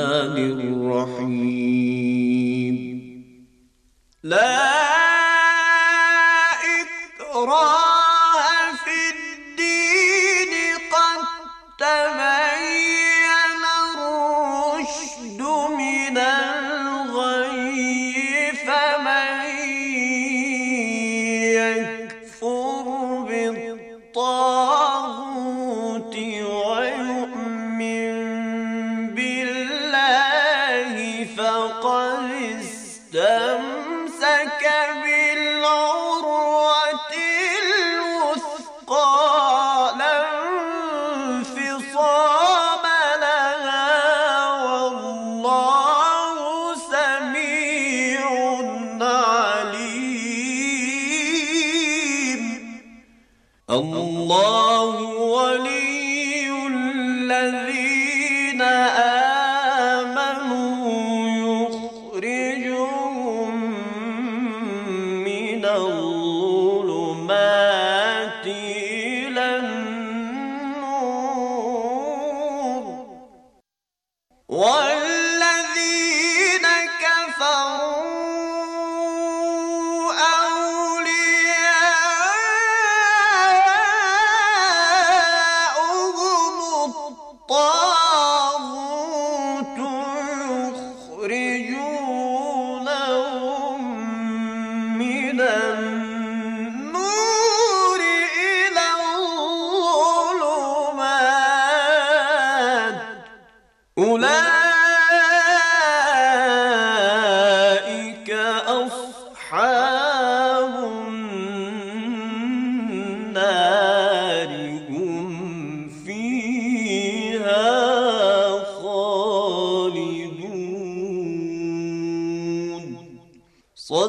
الرحمن الرحيم لا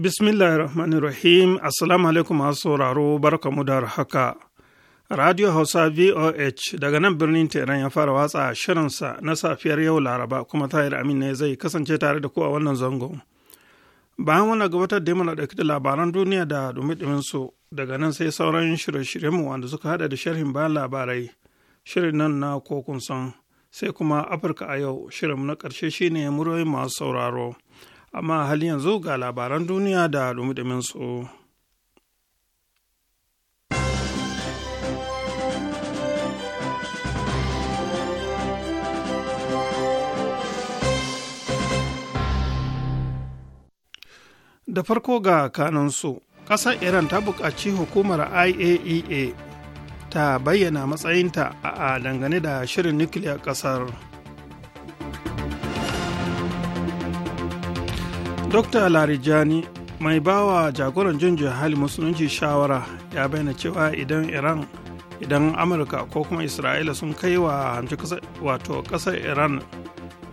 Bismillahirrahmanirrahim. Assalamu alaikum masu sauraro barka barkamu da haka. Radio Hausa VOH daga nan birnin Teran ya fara watsa shirinsa na safiyar yau Laraba kuma Tahir Amin ne zai kasance tare da ku a wannan zangon. Bayan wannan gabatar da muna ɗauki da labaran duniya da dumi su daga nan sai sauran shirye mu wanda suka hada da sharhin bayan labarai, shirin nan na kokun san sai kuma Afirka a yau shirin na ƙarshe shine muryoyin masu sauraro. amma hali yanzu ga labaran duniya da dumi su. da farko ga kanansu ƙasar iran ta buƙaci hukumar iaea e ta bayyana matsayinta a dangane da shirin nukiliyar ƙasar dr larijani mai bawa jagoran junjin hali musulunci shawara ya bayyana cewa idan iran idan amurka ko kuma isra'ila sun kai wa wato kasar iran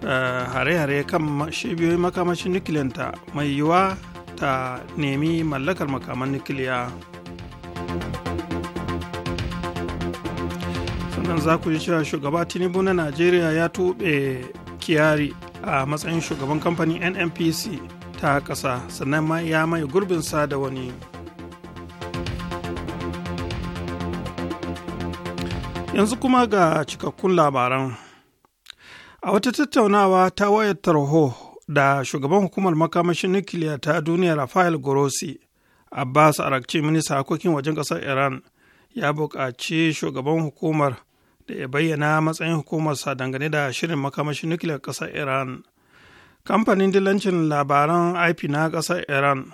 eh, hare-hare kan shibiyoyin makamashin nukiliyanta mai yiwuwa ta nemi mallakar makaman nukiliya sannan za ku ji cewa shugaba tinubu na najeriya ya tuɓe kiyari a matsayin shugaban kamfanin nnpc ta ƙasa sannan ma ya mai gurbinsa da wani yanzu kuma ga cikakkun labaran a wata tattaunawa ta wayar tarho da shugaban hukumar makamashin nukiliya ta duniya rafael grossi abbas arakci minista harkokin wajen ƙasar iran ya buƙaci shugaban hukumar da ya bayyana matsayin hukumarsa dangane da shirin makamashin nukiliyar ƙasar iran kamfanin dilancin labaran ip na ƙasar iran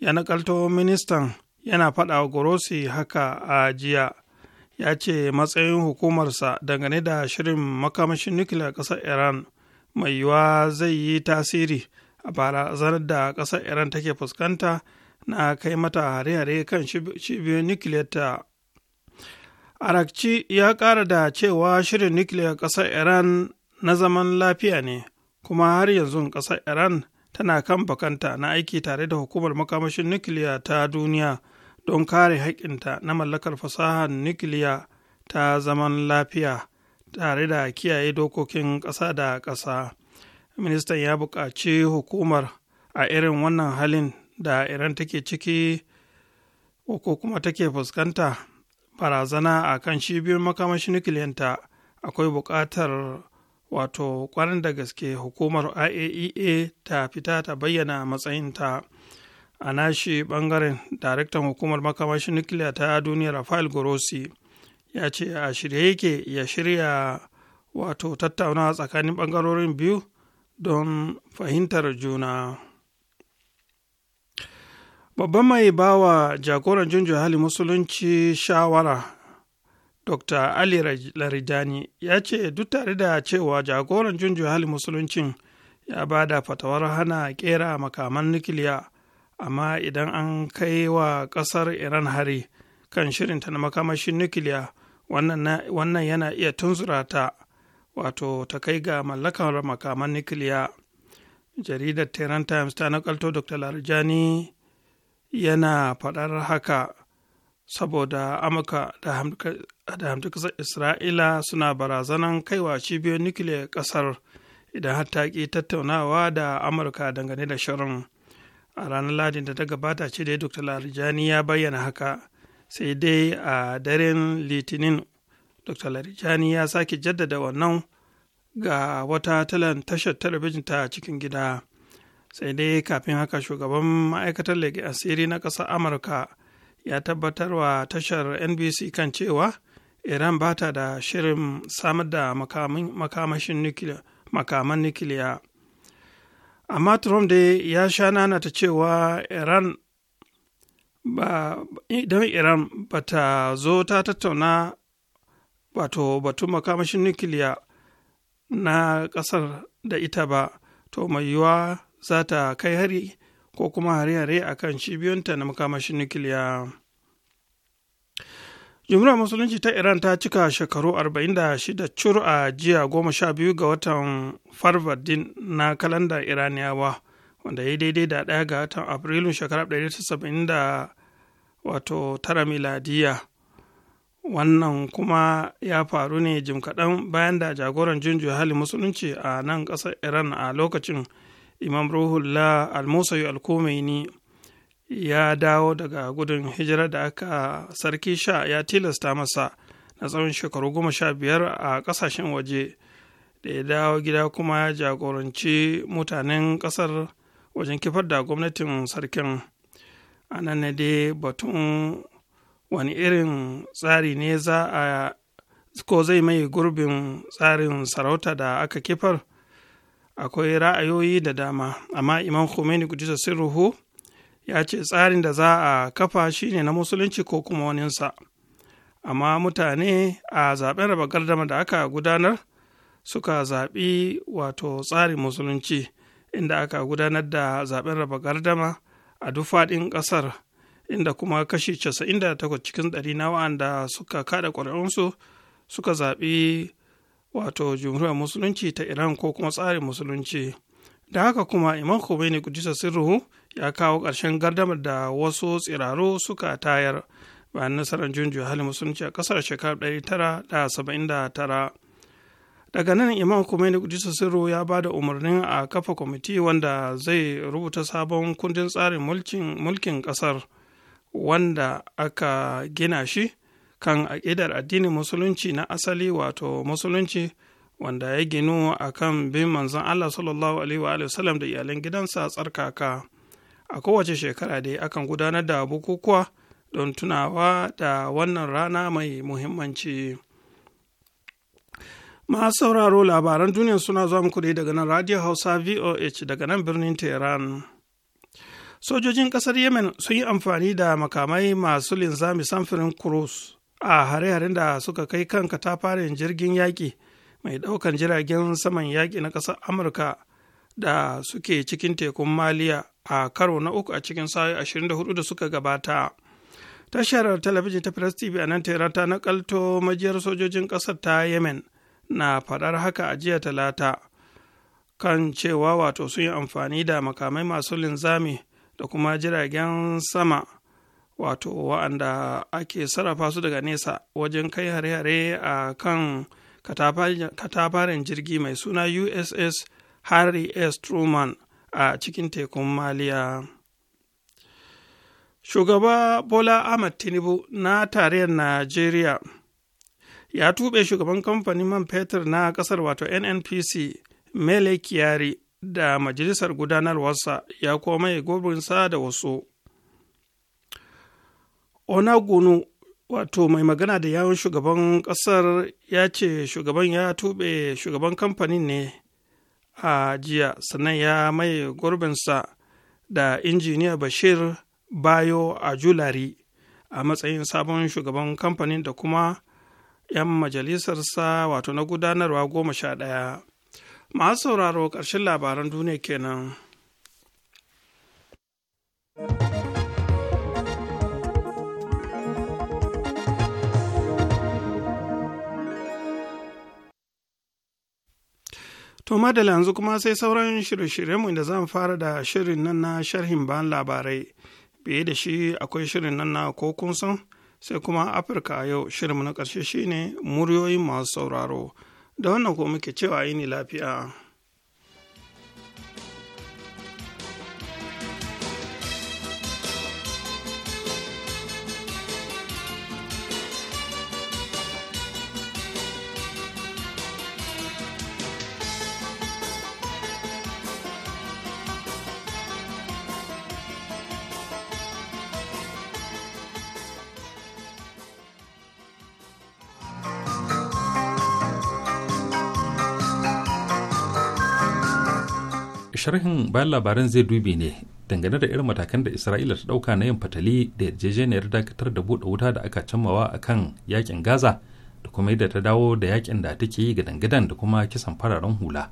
ya nakalto ministan yana faɗa gorosi haka a jiya ya ce matsayin hukumarsa dangane da shirin makamashin nukiliyar ƙasar iran mai yiwuwa zai yi tasiri a barazanar da ƙasar iran take fuskanta na kai mata hare-hare kan cibiyoyin nukiliyarta arakci ya ƙara da cewa shirin nukiliyar ƙasar iran na zaman lafiya ne kuma har yanzu ƙasar iran tana kan bakanta na aiki tare da hukumar makamashin nukiliya ta duniya don kare haƙƙinta na mallakar fasahar nukiliya ta zaman lafiya tare da kiyaye dokokin ƙasa da ƙasa ministan ya buƙaci hukumar a irin wannan halin da iran take ciki ko kuma take fuskanta barazana a kan cibiyar makamashin nukiliyanta akwai buƙatar wato kwarin da gaske hukumar iaea e ta fita ta bayyana matsayinta a nashi bangaren daraktan hukumar makamashin nukiliya ta duniya rafael grossi ya ce a shirye yake ya shirya wato tattaunawa tsakanin bangarorin biyu don fahimtar juna babban mai bawa jagoran junjo hali musulunci shawara dr ali Laridani ya ce duk tare da cewa jagoran junju hali musuluncin ya ba da fatawar hana kera makaman nukiliya amma idan an kai wa kasar iran hari kan shirinta na makamashin nukiliya wannan yana iya tunzura ta wato ta kai ga mallakar makaman nukiliya jaridar tehran times ta nakalto dr larijani yana faɗar haka saboda amurka da da hamtu kasar isra'ila suna barazanan kaiwa cibiyar nukiliyar ƙasar. idan har ta ki tattaunawa da amurka dangane da shirin a ranar ladin da ta gabata ce dai dr larijani ya bayyana haka sai dai a daren litinin dr larijani ya sake jaddada wannan ga wata talan tashar talabijin ta cikin gida sai dai kafin haka shugaban ma'aikatar leƙen asiri na ƙasar amurka ya tabbatarwa tashar nbc kan cewa iran ba ta da shirin samar da makamashin nukiliya makaman nukiliya amma trump dai ya sha nana ta cewa iran ba idan iran ba ta zo ta tattauna wato batun makamashin nukiliya na ƙasar da ita ba to mai yiwuwa za ta kai hari ko kuma hare-hare a kan cibiyunta na makamashin nukiliya jumhuriyar musulunci ta iran ta cika shekaru 46 cur a jiya 12 ga watan farvardin na kalandar iraniyawa wanda ya daidai da ɗaya ga watan afrilu shekarar 1979 miladiya wannan kuma ya faru ne jim kaɗan bayan da jagoran junju hali musulunci a nan ƙasar iran a lokacin imam ruhullah al-musayi al ya dawo daga gudun hijira da aka sarki sha ya tilasta masa na tsawon shekaru goma sha biyar a ƙasashen waje da ya dawo gida kuma ya jagoranci mutanen ƙasar wajen kifar da gwamnatin sarkin a nan ne dai batun wani irin tsari ne za a ko zai mai gurbin tsarin sarauta da aka kifar akwai ra'ayoyi da dama amma Iman khomeini kudisa sirruhu ya ce tsarin da za a kafa shine na musulunci ko kuma waninsa amma mutane a zaɓen raba gardama da aka gudanar suka zaɓi wato tsarin musulunci inda aka gudanar da zaben raba gardama a duk ƙasar inda kuma kashi 98 cikin ɗari na wa'anda suka kada ƙwararrunsu suka zaɓi wato jumhuriyar musulunci ta iran ko kuma tsarin musulunci da haka kuma imam khomeini kudisa sirruhu ya kawo ƙarshen gardamar da wasu tsiraru suka tayar bayan nasarar junju hali musulunci a ƙasar shekarar 1979 daga nan imam Khomeini kudisa sirru ya ba da umarnin a kafa kwamiti wanda zai rubuta sabon kundin tsarin mulkin ƙasar wanda aka gina shi kan aƙidar addinin musulunci na asali wato musulunci wanda ya ginu a kan bin manzon allah sallallahu alaihi wa sallam da iyalan gidansa tsarkaka a kowace shekara dai akan gudanar da bukukuwa don tunawa da wannan rana mai muhimmanci masu sauraro labaran duniya suna zuwa muku daga nan radio hausa voh daga nan birnin tehran sojojin kasar yemen sun yi amfani da makamai masu linzami samfurin cruise a hare-haren da suka kai kan katafaren jirgin yaƙi mai ɗaukan jiragen saman yaƙi na ƙasar amurka da suke cikin tekun maliya a karo na uku a cikin sa'o'i 24 da suka gabata tashar talabijin ta press tv a nan tehran ta nakalto majiyar sojojin ƙasar ta yemen na faɗar haka a jiya talata kan cewa wato sun yi amfani da makamai masu linzami da kuma jiragen sama wato wa'anda ake sarrafa su daga nesa wajen kai hare-hare a kan katafaren jirgi mai suna uss harry s truman a cikin tekun maliya shugaba bola ahmad tinubu na tarayyar najeriya ya tuɓe shugaban kamfanin man fetur na ƙasar wato nnpc mele kiyari da majalisar gudanarwarsa ya koma mai da wasu onagunu wato mai magana da yawon shugaban ƙasar ya ce shugaban ya tuɓe shugaban kamfanin ne a jiya sannan ya mai gurbinsa da injiniya bashir bayo a julari a matsayin sabon shugaban kamfanin da kuma 'yan majalisarsa wato na gudanarwa goma sha ɗaya masu sauraro ƙarshen labaran duniya kenan. To madala yanzu kuma sai sauran shirye-shiryenmu da zan fara da shirin nan na sharhin bayan labarai. Biye da shi akwai shirin nan na ko kun san sai kuma Afirka yau yau shirinmu na ƙarshe shine muryoyin masu sauraro. Da wannan ko muke cewa yini lafiya. sharhin bayan labaran zai dubi ne dangane da irin matakan da isra'ila ta dauka na yin fatali da yarjejeniyar dakatar da buɗe wuta da aka cammawa a kan yakin gaza da kuma yadda ta dawo da yakin da take yi ga dangadan da kuma kisan fararen hula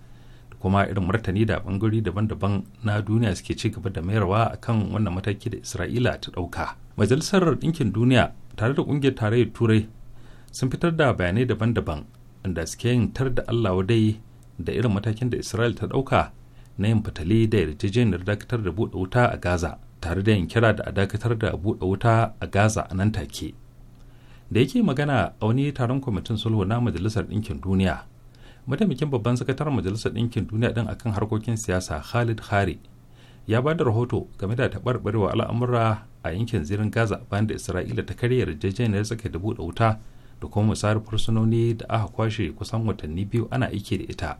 da kuma irin martani da bangare daban-daban na duniya suke ci gaba da mayarwa a kan wannan mataki da isra'ila ta dauka majalisar ɗinkin duniya tare da ƙungiyar tarayyar turai sun fitar da bayanai daban-daban inda suke yin tar da allah wadai da irin matakin da isra'ila ta dauka na yin fitali da yarjejeniyar dakatar da buɗe wuta a gaza tare da yin kira da a dakatar da buɗe wuta a gaza a nan take da yake magana a wani taron kwamitin sulhu na majalisar ɗinkin duniya mataimakin babban sakataren majalisar ɗinkin duniya ɗin akan harkokin siyasa khalid hari ya ba da rahoto game da taɓarɓarewa al'amura a yankin zirin gaza bayan da isra'ila ta karya yarjejeniyar sake da buɗe wuta da kuma musayar fursunoni da aka kwashe kusan watanni biyu ana aiki da ita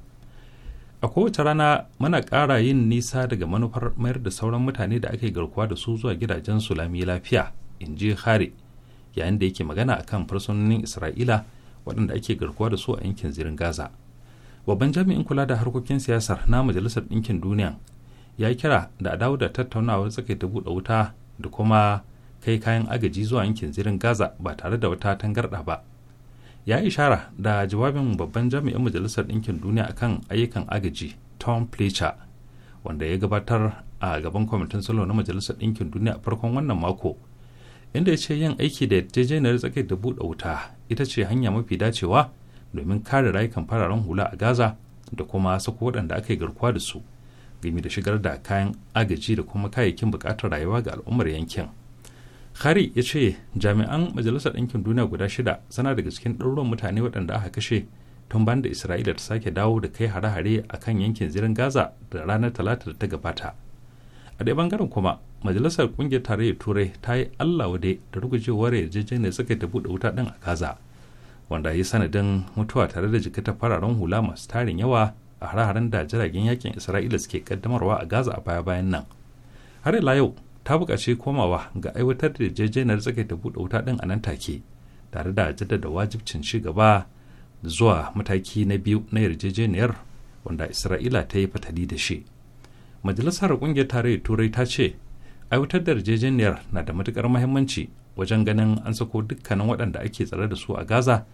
a kowace rana muna kara yin nisa daga manufar mayar da sauran mutane da ake garkuwa da su zuwa gidajen sulami lafiya in ji hari yayin da yake magana akan fursunonin isra'ila waɗanda ake garkuwa da su a yankin zirin gaza babban jami'in kula da harkokin siyasar na majalisar ɗinkin duniya ya kira da adawu da tattaunawar tsakaita buɗe wuta da kuma kai kayan agaji zuwa yankin zirin gaza ba tare da wata tangarɗa ba ya ishara da jawabin babban jami'in majalisar ɗinkin duniya akan ayyukan agaji tom fletcher wanda ya gabatar a gaban kwamitin salo na majalisar ɗinkin duniya a farkon wannan mako inda ya ce yin aiki da yarjejeniyar tsakiyar da buɗe wuta ita ce hanya mafi dacewa domin kare rayukan fararen hula a gaza da kuma sako waɗanda aka yi garkuwa da su game da shigar da kayan agaji da kuma kayayyakin buƙatar rayuwa ga al'ummar yankin Khari ya ce jami'an Majalisar Ɗinkin Duniya guda shida suna daga cikin ɗaruruwan mutane waɗanda aka kashe tun bayan da Isra'ila ta sake dawo da kai hare-hare a kan yankin zirin Gaza da ranar Talata da ta gabata. A ɗaya bangaren kuma, Majalisar Ƙungiyar Tarayyar Turai ta yi Allah wade da rugujewar yarjejeniyar suka ta buɗe wuta ɗin a Gaza, wanda ya sanadin mutuwa tare da jikita fararen hula masu tarin yawa a hare-haren da jiragen yakin Isra'ila suke kaddamarwa a Gaza a baya-bayan nan. Har ila yau, ta bukaci komawa ga aiwatar da tsakai ta buɗe wuta ɗin a nan take tare da jaddada wajibcin ci gaba zuwa mataki na biyu na yarjejeniyar wanda isra'ila ta yi fatali da shi majalisar ƙungiyar tarayyar turai ta ce aiwatar da yarjejeniyar na da matukar muhimmanci wajen ganin an sako dukkanin waɗanda ake tsare da su a gaza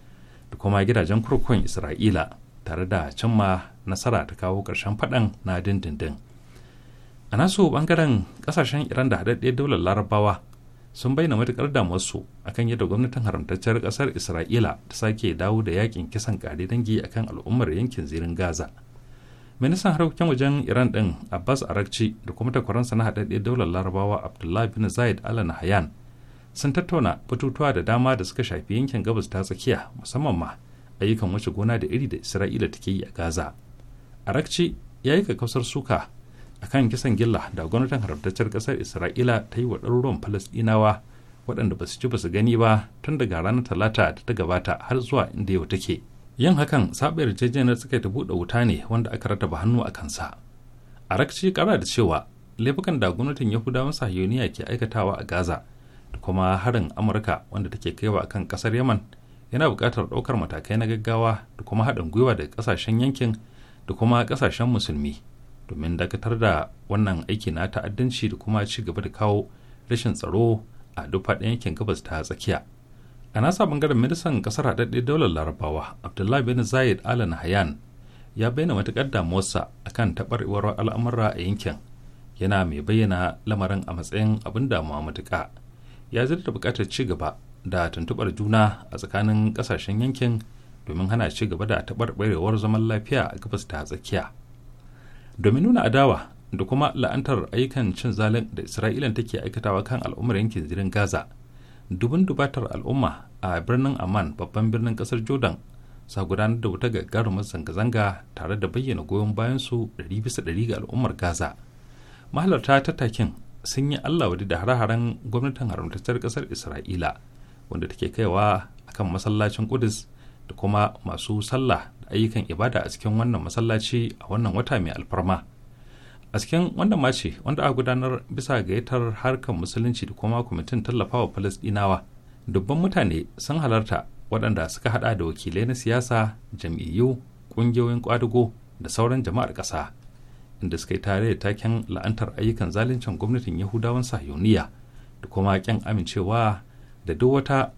da kuma gidajen kurkukun isra'ila tare da cimma nasara ta kawo ƙarshen faɗan na dindindin a nasu bangaren kasashen iran da haɗaɗɗiyar daular larabawa sun bayyana matuƙar damuwarsu akan yadda gwamnatin haramtacciyar ƙasar isra'ila ta sake dawo da yakin kisan kare dangi akan al'ummar yankin zirin gaza ministan harkokin wajen iran ɗin abbas arakci da kuma takwaransa na haɗaɗɗiyar daular larabawa abdullahi bin zayed al nahyan sun tattauna batutuwa da dama da suka shafi yankin gabas ta tsakiya musamman ma ayyukan wace gona da iri da isra'ila take yi a gaza arakci ya yi kakkausar suka akan kisan gilla da gwamnatin haramtaccen kasar isra'ila ta yi wa ɗaruruwan falasɗinawa waɗanda ba su ci ba su gani ba tun daga ranar talata da ta gabata har zuwa inda yau take yin hakan saɓa yarjejeniyar suka ta buɗe wuta ne wanda aka rataba hannu a kansa a rakci kara da cewa laifukan da gwamnatin yahudawan sahiyoniya ke aikatawa a gaza da kuma harin amurka wanda take kaiwa kan ƙasar yaman yana buƙatar ɗaukar matakai na gaggawa da kuma haɗin gwiwa daga ƙasashen yankin da kuma ƙasashen musulmi domin dakatar da wannan aiki na ta'addanci da kuma ci gaba da kawo rashin tsaro a duk faɗin yankin gabas ta tsakiya a nasa bangaren ministan kasar haɗaɗɗe daular larabawa abdullahi bin zayed alan hayan ya bayyana matuƙar damuwarsa akan taɓarɓarewar al'amura a yankin yana mai bayyana lamarin a matsayin abin damuwa matuƙa ya da buƙatar ci gaba da tuntuɓar juna a tsakanin ƙasashen yankin domin hana ci gaba da taɓarɓarewar zaman lafiya a gabas ta tsakiya domin nuna adawa da kuma la'antar ayyukan cin zalin da isra'ilan take aikatawa kan al'ummar yankin zirin gaza dubin dubatar al'umma a birnin amman babban birnin kasar jordan sa gudanar da wuta gagarumar zanga-zanga tare da bayyana goyon bayan su 100% ga al'ummar gaza mahalarta ta takin sun yi allah wadi da hare-haren gwamnatin haramtacciyar kasar isra'ila wanda take kaiwa akan masallacin kudus da kuma masu sallah ayyukan ibada a cikin wannan masallaci a wannan wata mai alfarma a cikin wannan mace wanda aka gudanar bisa gayyatar harkar musulunci da kuma kwamitin tallafawa falasdinawa dubban mutane sun halarta waɗanda suka haɗa da wakilai na siyasa jam'iyyu ƙungiyoyin ƙwadago da sauran jama'ar ƙasa inda suka yi tare da taken la'antar ayyukan zaluncin gwamnatin yahudawan sahiyoniya da kuma ƙin amincewa da duk wata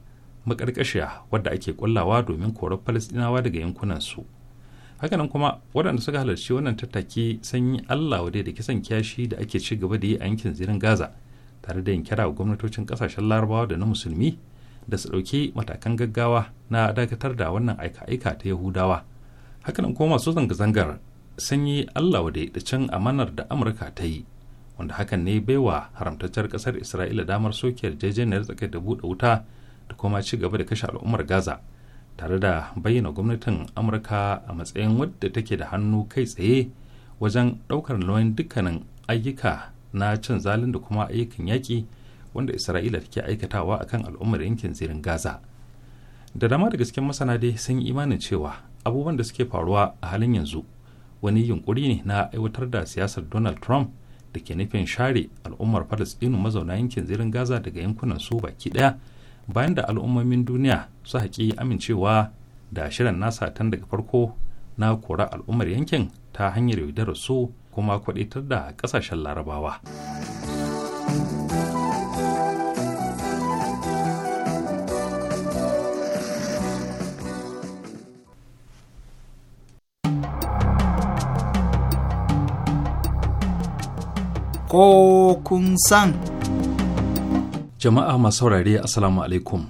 makarƙashiya wadda ake kullawa domin korar falastinawa daga yankunansu hakanan kuma waɗanda suka halarci wannan tattaki sun yi allah wadai da kisan kyashi da ake ci gaba da yi a yankin zirin gaza tare da yin kira ga gwamnatocin ƙasashen larabawa da na musulmi da su ɗauki matakan gaggawa na dakatar da wannan aika-aika ta yahudawa hakanan kuma masu zanga-zangar sun yi allah wadai da cin amanar da amurka ta yi wanda hakan ne baiwa haramtacciyar kasar isra'ila damar soke yarjejeniyar tsakar da buɗe wuta da kuma ci gaba da kashe al'ummar gaza tare da bayyana gwamnatin amurka a matsayin wadda take da hannu kai tsaye wajen ɗaukar nauyin dukkanin ayyuka na cin zalin da kuma ayyukan yaƙi wanda isra'ila take aikatawa akan al'ummar yankin zirin gaza da dama da gaske masana dai sun yi imanin cewa abubuwan da suke faruwa a halin yanzu wani yunkuri ne na aiwatar da siyasar donald trump da ke nufin share al'ummar palestinu mazauna yankin zirin gaza daga yankunan su baki ɗaya. bayan da al'ummomin duniya su haƙi amincewa da shirin nasa tun daga farko na kora al'ummar yankin ta hanyar yaudarar su kuma kwaɗitar da ƙasashen larabawa. Ko kun san. jama'a masu saurare assalamu alaikum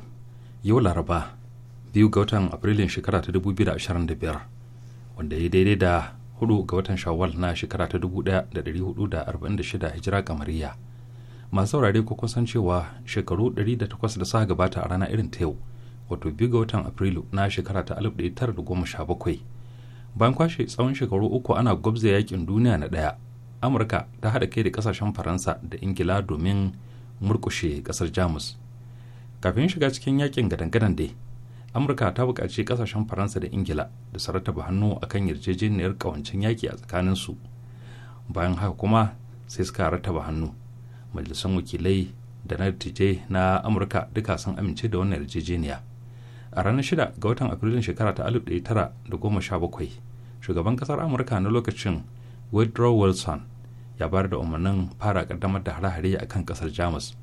yau laraba biyu ga watan afrilun shekara ta 2025 wanda ya daidai da hudu ga watan shawwal na shekara ta 1446 hijira kamariya masu saurare ko kun san cewa shekaru 108 da suka gabata a rana irin ta yau wato biyu ga watan afrilu na shekara ta 1917 bayan kwashe tsawon shekaru uku ana gwabza yakin duniya na ɗaya. amurka ta haɗa kai da kasashen faransa da ingila domin murkushe kasar jamus kafin shiga cikin yakin gadangadan dai amurka ta buƙaci ƙasashen faransa da ingila da su rataba hannu kan yarjejeniyar ƙawancin yaki a tsakaninsu bayan haka kuma sai suka rataba hannu majalisan wakilai da na dattijai na amurka duka sun amince da wannan yarjejeniya a ranar shida ga watan afrilun shekara ta tara da goma sha bakwai shugaban kasar amurka na lokacin woodrow wilson ya bayar da umarnin fara kaddamar da hare-hare a kan kasar jamus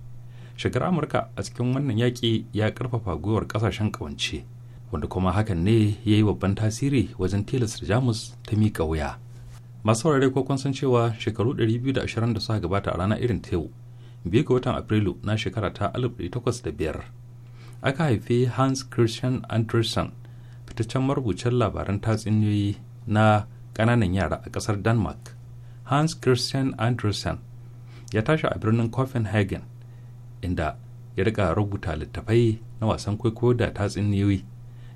shigar amurka a cikin wannan yaƙi ya karfafa gwiwar kasashen ƙawance wanda kuma hakan ne ya yi babban tasiri wajen tilasta jamus ta miƙa wuya masu saurare ko kun san cewa shekaru 220 da suka gabata a rana irin tewu biyu ga watan afrilu na shekara ta 1805 aka haifi hans christian andersen fitaccen marubucin labaran tatsuniyoyi na ƙananan yara a ƙasar denmark hans christian andersen ya tashi a birnin copenhagen inda ya rika rubuta littafai na wasan kwaikwayo da tatsuniyoyi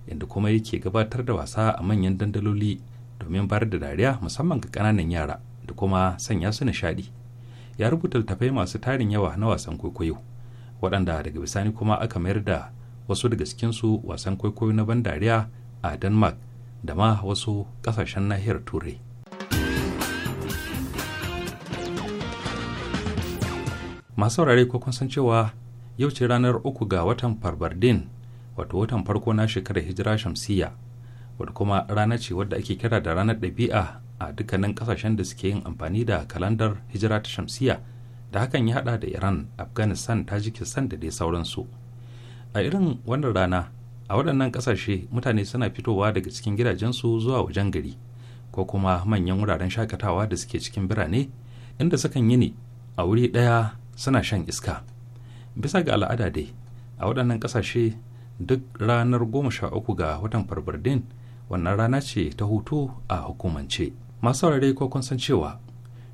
inda kuma yake gabatar da wasa a manyan dandaloli domin bar da dariya musamman ga kananan yara da kuma sanya su nishadi ya rubuta littafai masu tarin yawa na wasan kwaikwayo waɗanda daga bisani kuma aka mayar da wasu daga su wasan kwaikwayo na ban dariya a denmark da ma wasu ƙasashen nahiyar turai masu saurare ko kun san cewa yau ce ranar uku ga watan farbardin wato watan farko na shekarar hijira shamsiyya wato kuma rana ce wadda ake kira da ranar ɗabi'a a dukkanin ƙasashen da suke yin amfani da kalandar hijira ta shamsiyya da hakan ya haɗa da iran afghanistan tajikistan da dai sauransu a irin wannan rana a waɗannan ƙasashe mutane suna fitowa daga cikin gidajensu zuwa wajen gari ko kuma manyan wuraren shakatawa da suke cikin birane inda sukan yi ne a wuri ɗaya suna shan iska bisa ga al'ada dai a waɗannan ƙasashe duk ranar goma sha uku ga watan farbardin wannan rana ce ta hutu a hukumance masu saurare ko kun san cewa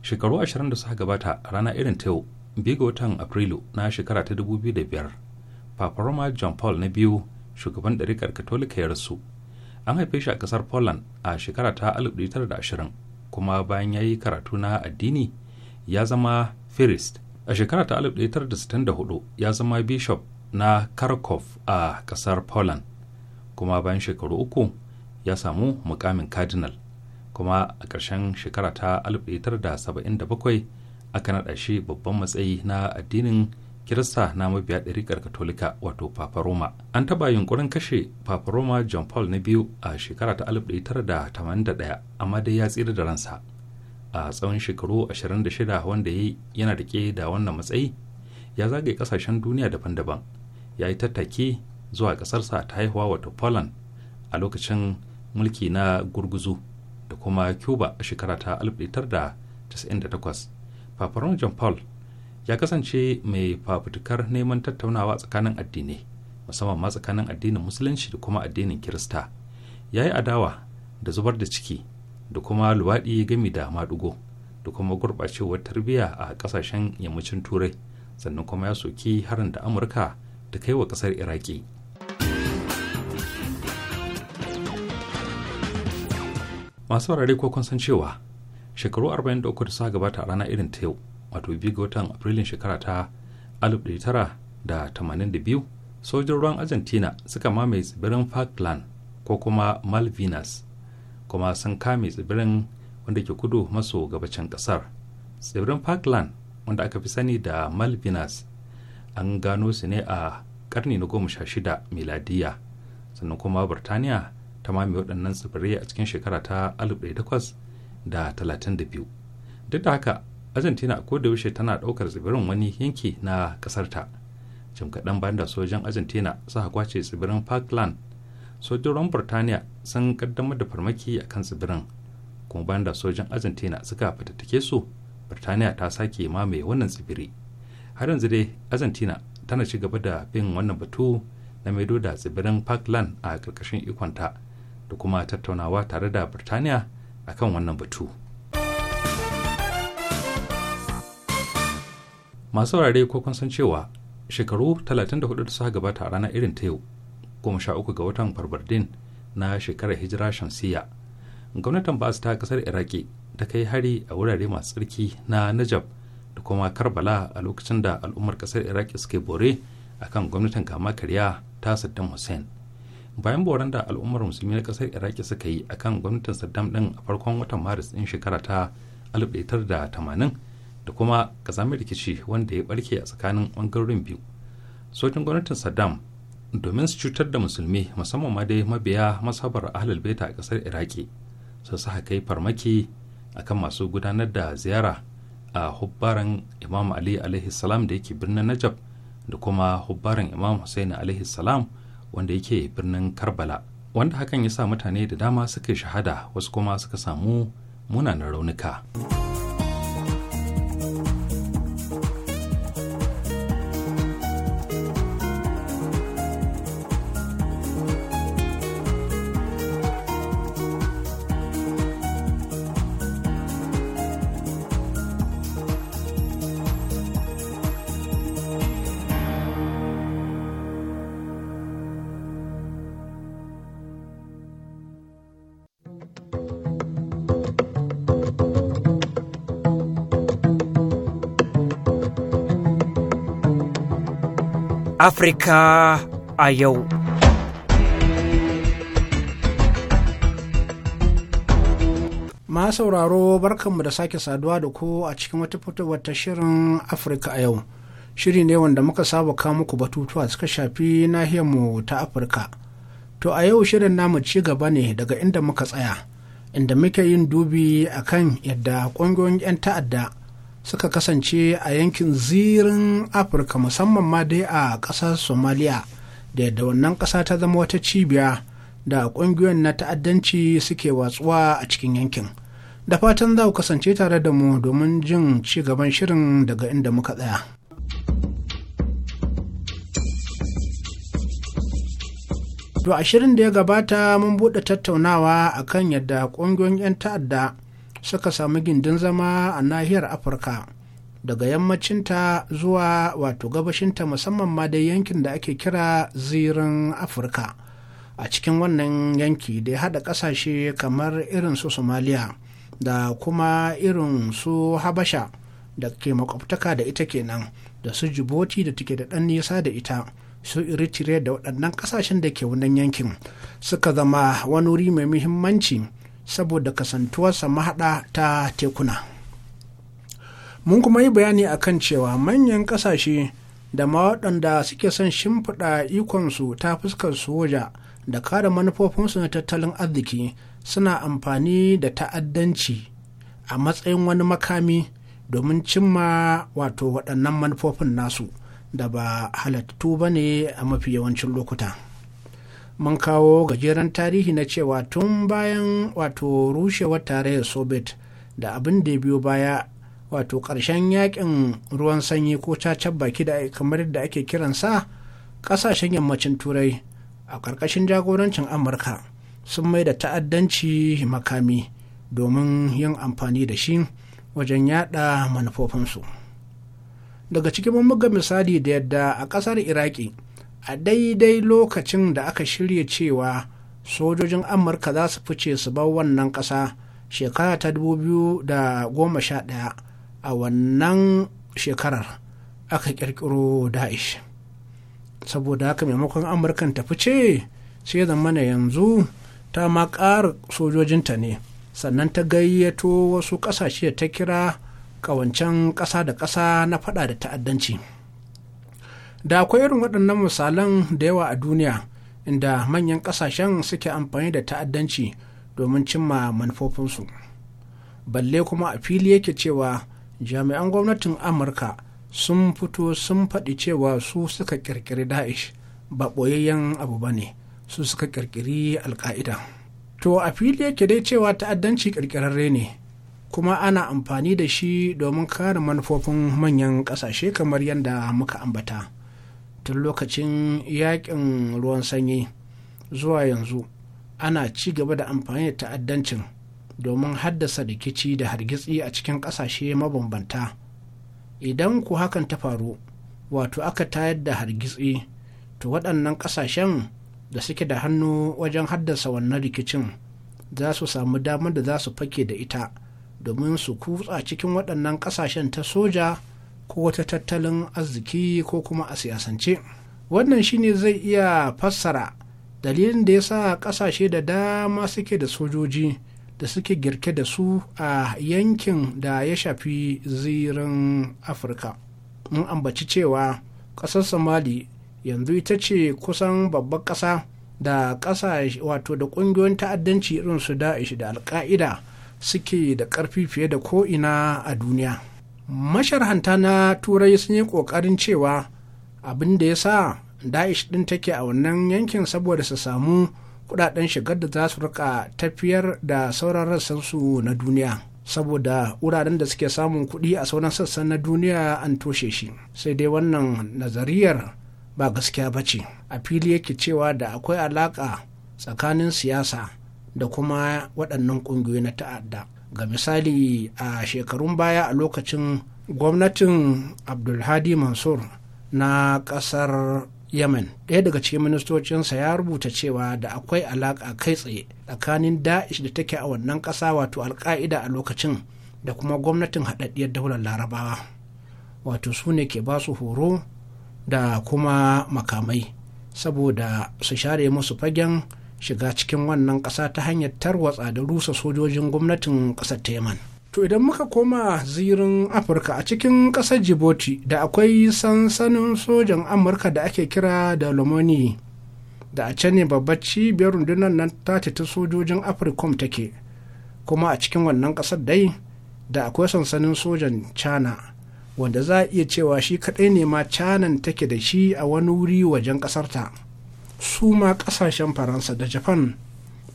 shekaru ashirin da suka gabata rana irin ta yau biyu ga watan afrilu na shekara ta dubu biyu da biyar papa roma john paul na biyu shugaban ɗarikar katolika ya rasu an haife shi a ƙasar poland a shekara ta 1920 kuma bayan ya yi karatu na addini ya zama firist a shekara ta 1964 ya zama bishop na kharkov a kasar poland kuma bayan shekaru uku ya samu mukamin cardinal kuma a ƙarshen shekara ta 1977 aka naɗa shi babban matsayi na addinin kirista na mabiya ɗarikar katolika wato papa roma an taɓa yunkurin kashe papa roma john paul na biyu a shekara ta 1981 amma dai ya tsira da ransa a tsawon shekaru 26 wanda ya yi yana rike da wannan matsayi ya zagaye kasashen duniya daban-daban ya yi tattake zuwa kasarsa ta haihuwa wato poland a lokacin mulki na gurguzu da kuma cuba a shekara ta 1998 paparon john paul ya kasance mai fafutukar neman tattaunawa tsakanin addinai musamman ma tsakanin addinin musulunci da kuma addinin kirista ya yi adawa da zubar da ciki da kuma luwaɗi gami da maɗugo da kuma gurɓacewar tarbiyya a ƙasashen yammacin turai sannan kuma ya soki harin da amurka ta kai wa ƙasar iraki masu wurare ko kun san cewa shekaru 43 da suka gabata a rana irin ta yau wato biyu ga watan afrilun shekara ta 1982 sojin ruwan argentina suka mamaye tsibirin falkland ko kuma malvinas kuma sun kame tsibirin wanda ke kudu maso gabacin kasar tsibirin parkland wanda aka fi sani da malvinas an gano su ne a karni na goma sha shida miladiya sannan kuma birtaniya ta mame waɗannan tsibirai a cikin shekara ta da da talatin biyu. duk da haka argentina a koda yaushe tana ɗaukar tsibirin wani yanki na ƙasarta jim kaɗan bayan da sojan argentina suka kwace tsibirin parkland sojojin burtaniya sun kaddamar da farmaki a kan tsibirin kuma bayan da sojan argentina suka fitattake su burtaniya ta sake mamaye wannan tsibiri har yanzu dai argentina tana ci gaba da bin wannan batu na maido da tsibirin parkland a karkashin ikonta da kuma tattaunawa tare da burtaniya akan wannan batu masu wurare ko kun san cewa shekaru 34 da suka gabata a ranar irin ta yau goma sha uku ga watan farbardin na shekarar hijira shamsiya gwamnatin basu ta kasar iraki ta kai hari a wurare masu tsarki na najab da kuma karbala a lokacin da al'ummar kasar iraki suke bore akan gwamnatin kama karya ta saddam hussein bayan boran da al'ummar musulmi na kasar iraki suka yi akan gwamnatin saddam din a farkon watan maris din shekara ta 1980 da kuma kasamin rikici wanda ya barke a tsakanin bangarorin biyu sojin gwamnatin saddam domin su cutar da musulmi musamman ma dai mabiya masabar ahlul baita a kasar iraki su sa kai farmaki akan masu gudanar da ziyara a hubbaran imam ali alaihi salam da yake birnin najab da kuma hubbaran imam husaini alaihi salam wanda yake birnin karbala wanda hakan ya sa mutane da dama suka shahada wasu kuma suka samu munanan raunuka. Afirka a yau. Ma sauraro barkanmu da sake saduwa da ku a cikin wata fitowar ta shirin Afirka a yau. Shiri ne wanda muka saba kawo muku batutuwa suka shafi nahiyarmu ta Afirka. To a yau shirin namu ci gaba ne daga inda muka tsaya, inda muke yin dubi akan yadda ƙungiyoyin 'yan ta'adda suka kasance a yankin zirin afirka musamman ma dai a ƙasar somaliya da yadda wannan ƙasa ta zama wata cibiya da ƙungiyoyin na ta'addanci suke watsuwa a cikin yankin da fatan za ku kasance tare da mu domin jin ci gaban shirin daga inda muka tsaya. To a shirin da ya gabata mun buɗe tattaunawa akan yadda ƙungiyoyin 'yan ta'adda suka samu gindin zama a nahiyar afirka daga yammacinta zuwa wato gabashinta musamman ma dai yankin da ake kira zirin afirka a cikin wannan yanki da ya haɗa ƙasashe kamar irin su somaliya da kuma irin su habasha da ke makwabtaka da ita kenan da su jiboti da take da ɗan nisa da ita su eritrea da waɗannan ƙasashen da ke wannan yankin suka zama wani wuri mai muhimmanci saboda kasantuwarsa mahaɗa ta tekuna mun kuma yi bayani a kan cewa manyan ƙasashe da ma waɗanda suke son shimfiɗa ikonsu ta fuskar soja da kare manufofinsu na tattalin arziki suna amfani da ta'addanci a matsayin wani makami domin cimma wato waɗannan manufofin nasu da ba halattu ba ne a mafi yawancin lokuta. mun kawo gajeren tarihi na cewa tun bayan wato rushewar tarayyar soviet da abin da biyo baya wato ƙarshen yakin ruwan sanyi ko cacen baki da kamar da ake kiransa ƙasashen yammacin turai a ƙarƙashin jagorancin amurka sun mai da ta'addanci makami domin yin amfani da shi wajen yada manufofinsu daga cikin buga misali da yadda a ƙasar iraki a daidai lokacin da aka shirya cewa sojojin amurka za su fice su bar wannan ƙasa shekara ta 2011 a wannan shekarar aka kirkiro da'ish saboda haka maimakon amurkan ta fice sai zamana yanzu ta ma ƙara sojojinta ne sannan ta gayyato wasu ƙasashe ta kira ƙawancen ƙasa da ƙasa na faɗa da ta'addanci. da akwai irin waɗannan misalan da yawa a duniya inda manyan ƙasashen suke amfani da ta'addanci domin cimma manufofinsu balle kuma a fili yake cewa jami'an gwamnatin amurka sun fito sun faɗi cewa su suka ƙirƙiri da'ish ba ɓoyayyen abu ba ne su suka ƙirƙiri alƙa'ida, to a fili yake dai cewa ta'addanci ƙirƙirarre ne kuma ana amfani da shi domin kare manufofin manyan ƙasashe kamar yadda muka ambata. tun lokacin yakin ruwan sanyi zuwa yanzu ana ci gaba da amfani da ta'addancin domin haddasa rikici da hargitsi a cikin ƙasashe mabambanta idan ku hakan ta faru wato aka tayar da hargitsi to waɗannan ƙasashen da suke da hannu wajen haddasa wannan rikicin za su samu damar da za su fake da ita domin su kutsa cikin waɗannan ƙasashen ta soja ko wata tattalin arziki ko kuma a siyasance wannan shine zai iya fassara dalilin da ya sa kasashe da dama suke da sojoji da suke girke da su a yankin da ya shafi zirin afirka mun ambaci cewa ƙasar somali yanzu ita ce kusan babbar ƙasa da ƙasa wato da ƙungiyoyin ta'addanci irin su da'ish da alka'ida suke da ƙarfi fiye da ko'ina a duniya masharhanta na turai sun yi ƙoƙarin cewa abin da ya sa da'ish ɗin take a wannan yankin saboda su samu kudaden shigar da za su rika tafiyar da sauran rassan su na duniya saboda wuraren da suke samun kuɗi a sauran sassan na duniya an toshe shi sai dai wannan nazariyar ba gaskiya ba ce a fili yake cewa da akwai alaƙa tsakanin siyasa da kuma waɗannan ƙungiyoyi na ta'adda ga misali a shekarun baya a lokacin gwamnatin abdulhadi mansur na kasar yemen ɗaya daga cikin ministocinsa ya rubuta cewa da akwai alaƙa kai tsaye tsakanin da'ish da take a wannan ƙasa wato alka'ida a lokacin da kuma gwamnatin haɗaɗɗiyar daular larabawa wato su ne ke basu horo da kuma makamai saboda su share musu fagen shiga cikin wannan ƙasa ta hanyar tarwatsa da rusa sojojin gwamnatin ƙasar teman to idan muka koma zirin afirka a cikin ƙasar djibouti da akwai sansanin sojan amurka da ake kira da lomoni da a can ne babbar cibiyar rundunar nan ta ta sojojin afirkom take kuma a cikin wannan ƙasar dai da akwai sansanin sojan china wanda za a iya cewa shi kaɗai ne ma canan take da shi a wani wuri wajen ƙasarta. ta su ma kasashen faransa da japan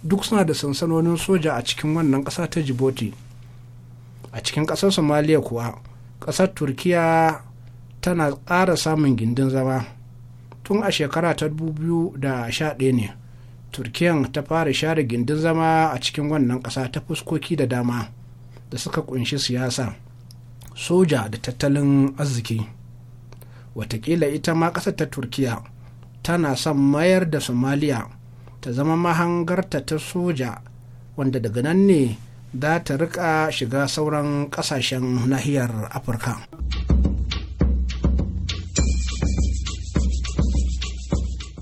duk suna da sansanonin soja a cikin wannan kasa ta jiboti a cikin ƙasar somaliya kuwa ƙasar turkiya tana ƙara samun gindin zama tun a shekara ta da sha 2011 ne turkiyan ta fara share gindin zama a cikin wannan kasa ta fuskoki da dama da suka kunshi siyasa soja da tattalin arziki watakila ita ma kasar ta turkiya tana son mayar da somaliya ta zama mahangarta ta soja wanda daga nan ne za ta rika shiga sauran kasashen nahiyar afirka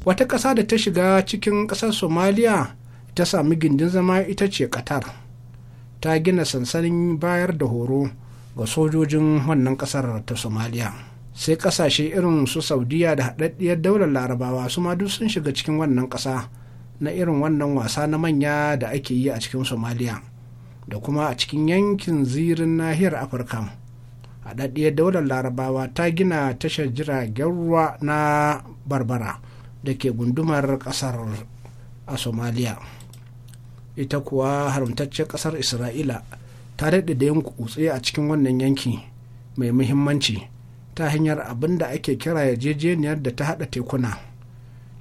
wata ƙasa da ta shiga cikin ƙasar somaliya ta sami gindin zama ita ce qatar ta gina sansanin bayar da horo ga sojojin wannan ƙasar ta somaliya sai kasashe irin su saudiya da haɗaɗɗiyar daular larabawa su ma duk sun shiga cikin wannan ƙasa na irin wannan wasa na manya da ake yi a cikin somaliya da kuma a cikin yankin zirin nahiyar afirka haɗaɗɗiyar daular larabawa ta gina tashar jiragen ruwa na barbara da ke gundumar ƙasar a somaliya ita kuwa haramtaccen ƙasar isra'ila ta daɗe da yin kutse a cikin wannan yanki mai muhimmanci ta hanyar abin da ake kira yarjejeniyar da ta hada tekuna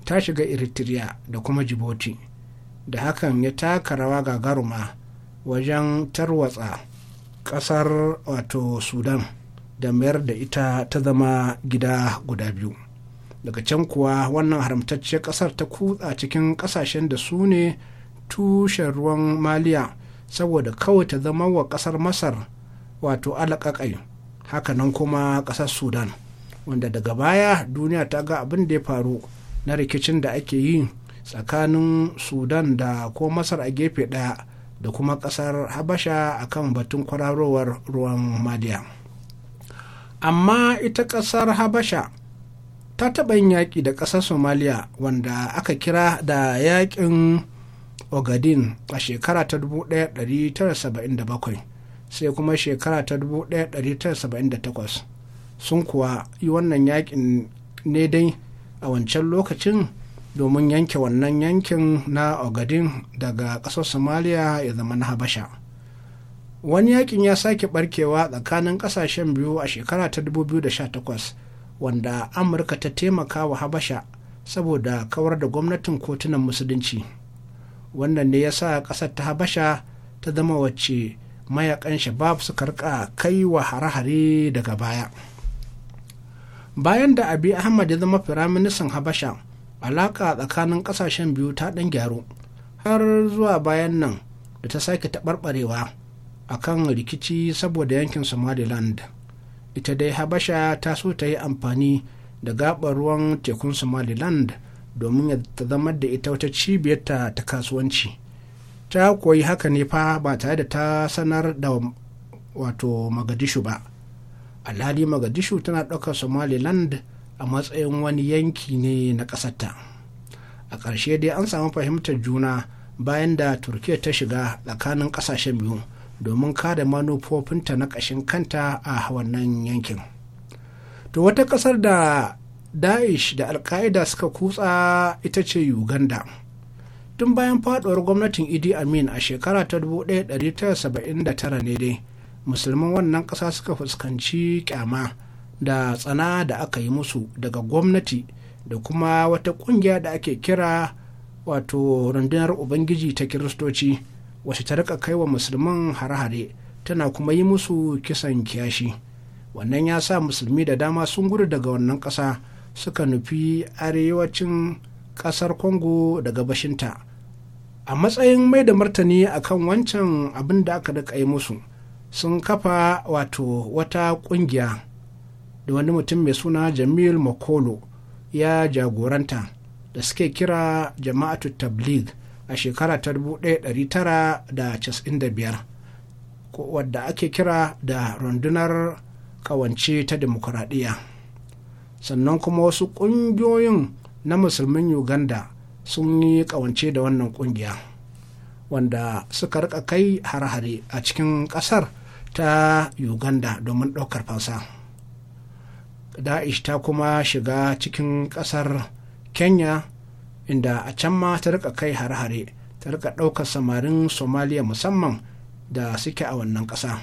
ta shiga eritrea da kuma djibouti da hakan ya taka rawa gagaruma wajen tarwatsa kasar wato sudan da mayar da ita ta zama gida guda biyu daga can kuwa wannan haramtacciyar kasar ta kutsa cikin kasashen da su ne tushen ruwan maliya saboda kawai ta zama wa kasar masar wato alaƙaƙai hakanan kuma ƙasar sudan wanda daga baya duniya ta ga abin da ya faru na rikicin da ake yi tsakanin sudan da ko masar a gefe ɗaya da kuma ƙasar habasha a kan batun kwararowar ruwan madiya amma ita ƙasar habasha ta taɓa yin yaƙi da ƙasar somaliya wanda aka kira da yaƙin ogadin a shekara ta 1977 sai kuma shekara ta 1978 sun kuwa yi wannan yakin ne dai a wancan lokacin domin yanke wannan yankin na ogadin daga ƙasar somalia ya zama na habasha wani yakin ya sake barkewa tsakanin ƙasashen biyu a shekara ta 2018 wanda amurka ta taimaka wa habasha saboda kawar da gwamnatin kotunan musulunci wannan ne ya sa ƙasar ta habasha ta zama wacce mayakan shabab suka rika kai wa hare-hare daga baya bayan da abi ahmad ya zama firaministan habasha alaka tsakanin kasashen biyu ta dan gyaru har zuwa bayan nan da ta sake taɓarɓarewa a kan rikici saboda yankin somaliland ita dai habasha ta so ta yi amfani da gabar ruwan tekun somaliland domin ya ta zama da ita wata cibiyarta ta kasuwanci ta koyi haka ne fa ba tare da ta sanar da wato magadishu ba alhali magadishu tana ɗaukar somaliland a matsayin wani yanki ne na ƙasarta a ƙarshe dai an samu fahimtar juna bayan da turkiya ta shiga tsakanin ƙasashen biyu domin kada manufofinta na ƙashin kanta a wannan yankin to wata ƙasar da daesh da alka'ida suka kutsa ita ce uganda tun bayan faduwar gwamnatin idi amin a shekara ta 1979 ne dai musulman wannan ƙasa suka fuskanci kyama da tsana da aka yi musu daga gwamnati da kuma wata ƙungiya da ake kira wato rundunar ubangiji ta kiristoci wacce ta rika kai wa musulman hare-hare tana kuma yi musu kisan kiyashi wannan ya sa musulmi da dama sun gudu daga wannan ƙasa suka nufi arewacin ƙasar Kongo da gabashinta a matsayin mai da martani akan wancan abin da aka rika yi musu sun kafa wato wata ƙungiya, da wani mutum mai suna jamil makolo ya jagoranta da suke kira jama'atu tabligh a shekara ta 1995 wadda ake kira da rundunar kawance ta demokuraɗiyya sannan kuma wasu ƙungiyoyin na musulmin uganda sun yi kawance da wannan kungiya wanda suka rika kai hare-hare a cikin kasar ta uganda domin ɗaukar fansa da'ish ta kuma shiga cikin kasar kenya inda a can ma ta rika kai hare-hare ta rika ɗaukar samarin somaliya musamman da suke a wannan ƙasa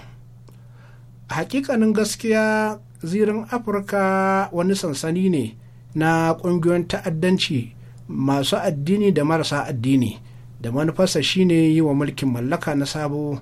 hakikanin gaskiya zirin afirka wani sansani ne na ƙungiyoyin ta'addanci masu addini da marasa addini da manufarsa shine yi wa mulkin mallaka na sabo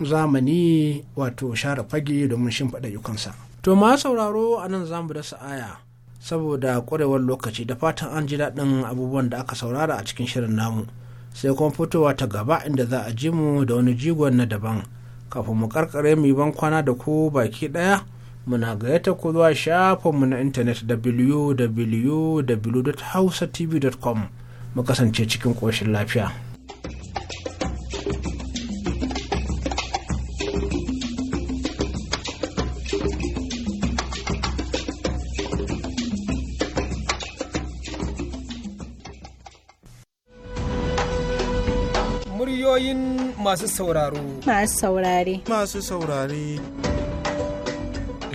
zamani wato share fage domin shimfiɗa yukansa. To ma sauraro a nan zamu da aya saboda ƙwarewar lokaci da fatan an ji daɗin abubuwan da aka saurara a cikin shirin namu sai kuma fitowa ta gaba inda za a ji mu da wani jigon na daban kafin mu karkare mu ban kwana da ku baki ɗaya. muna gayyata ku zuwa shafinmu na intanet www.hausatv.com mu kasance cikin ƙoshin lafiya. Muryoyin masu sauraro. Masu saurare. Masu saurare.